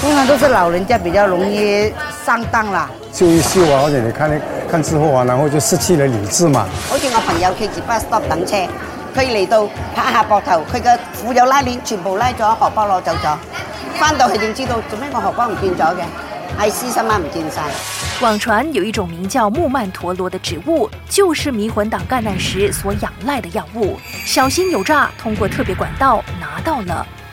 通常都是老人家比較容易上當啦，就一秀啊，或者你看，看之後啊，然後就失去了理智嘛。好似我朋友去巴士站等車，佢嚟到拍下膊頭，佢嘅褲有拉鏈，全部拉咗，荷包攞走咗，翻到去先知道做咩個荷包唔見咗嘅，係私心啊，唔見晒。網傳有一種名叫木曼陀羅嘅植物，就是迷魂黨幹案時所仰賴嘅藥物。小心有詐，通過特別管道拿到了。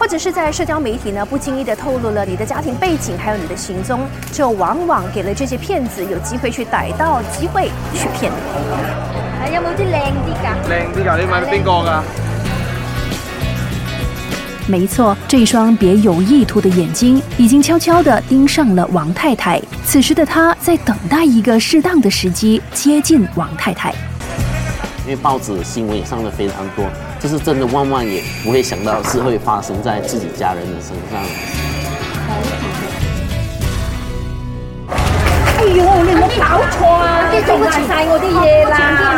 或者是在社交媒體呢，不經意的透露了你的家庭背景，還有你的行蹤，就往往給了這些騙子有機會去逮到機會去騙。你，有冇啲靚啲㗎？靚啲㗎？你買邊個㗎？沒錯，這雙別有意圖的眼睛已經悄悄的盯上了王太太。此時的她在等待一個適當的時機接近王太太。因為報紙的新聞也上得非常多，這，就是真的萬萬也不會想到是會發生在自己家人的身上。哎呦，你冇搞錯啊！你撞壞晒我啲嘢啦，啊啊啊啊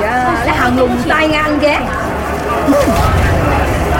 啊啊啊！你行路唔帶眼嘅。嗯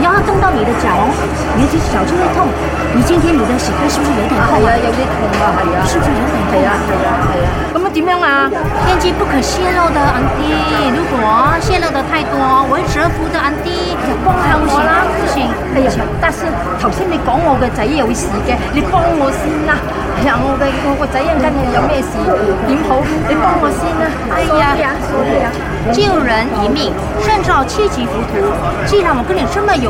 你要動到你的腳你的腳就會痛。你今天你的膝蓋是不是有點痛啊？哎、有點痛啊，係、哎、啊。是不是有點痛啊？係啊，係啊。咁啊點樣啊？天機不可泄露的，安迪。如果泄露的太多，我會折服的，安迪。不行，不行，哎呀，大師，頭先你講我個仔有事嘅，你幫我先啦。哎呀，我嘅我個仔啊，跟你有咩事？點好？你幫我先啦。哎呀，救人一命勝造七級浮屠。既然我跟你這麼有。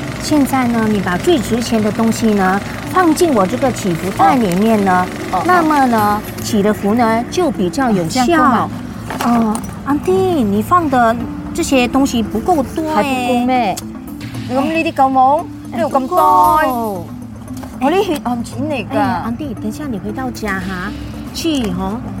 現在呢，你把最值錢的東西呢放進我這個祈福袋裏面呢，oh, oh, oh, 那麼呢，祈的福呢就比較有效。哦、oh, 安、oh, 迪，你放的這些東西不夠多還不夠咩？咁呢啲夠冇？你這這麼哎、有咁多？哎、我呢啲血汗錢嚟噶。安、哎、迪，Auntie, 等下你回到家哈，去哈。啊。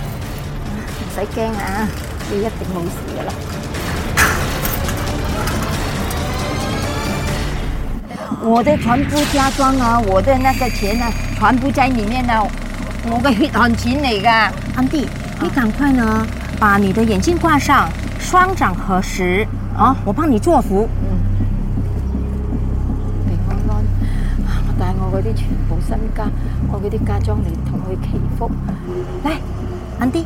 驚啊，你一定冇事噶啦！我的全部嫁妝啊，我的那個錢啊，全部在裏面啦、啊。我嘅血汗錢嚟噶，安弟、啊，你趕快呢，把你的眼鏡掛上，雙掌合十，啊，我幫你作福。嗯，平安安，我帶我嗰啲全部身家，我嗰啲嫁妝嚟同佢祈福。嚟，安弟。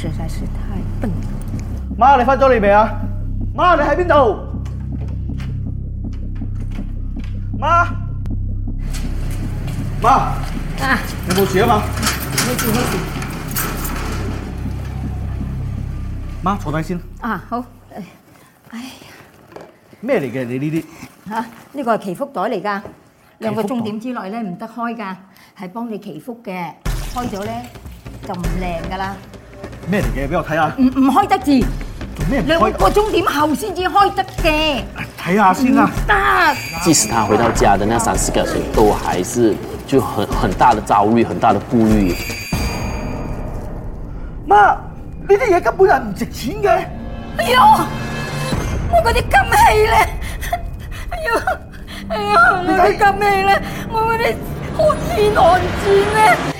實在是太笨啦！媽，你翻咗嚟未啊？媽，你喺邊度？媽，媽，啊，你冇事啊嘛？冇事冇事。媽，坐低先。啊好。哎呀，咩嚟嘅？你呢啲？吓，呢個係祈福袋嚟噶，兩個鐘點之內咧唔得開噶，係幫你祈福嘅，開咗咧就唔靚噶啦。咩嚟嘅？俾我睇下。唔唔開得字。做咩？兩個鐘點後先至開得嘅。睇下先啦，啊。得，啊。即使他回到家的那三四個鐘，都還是就很很大的遭遇，很大的顧慮。媽，呢啲嘢根本係唔值錢嘅。哎呀，我嗰啲金器咧。哎呀，哎呀，你啲金器咧，我嗰啲好似難轉咧。我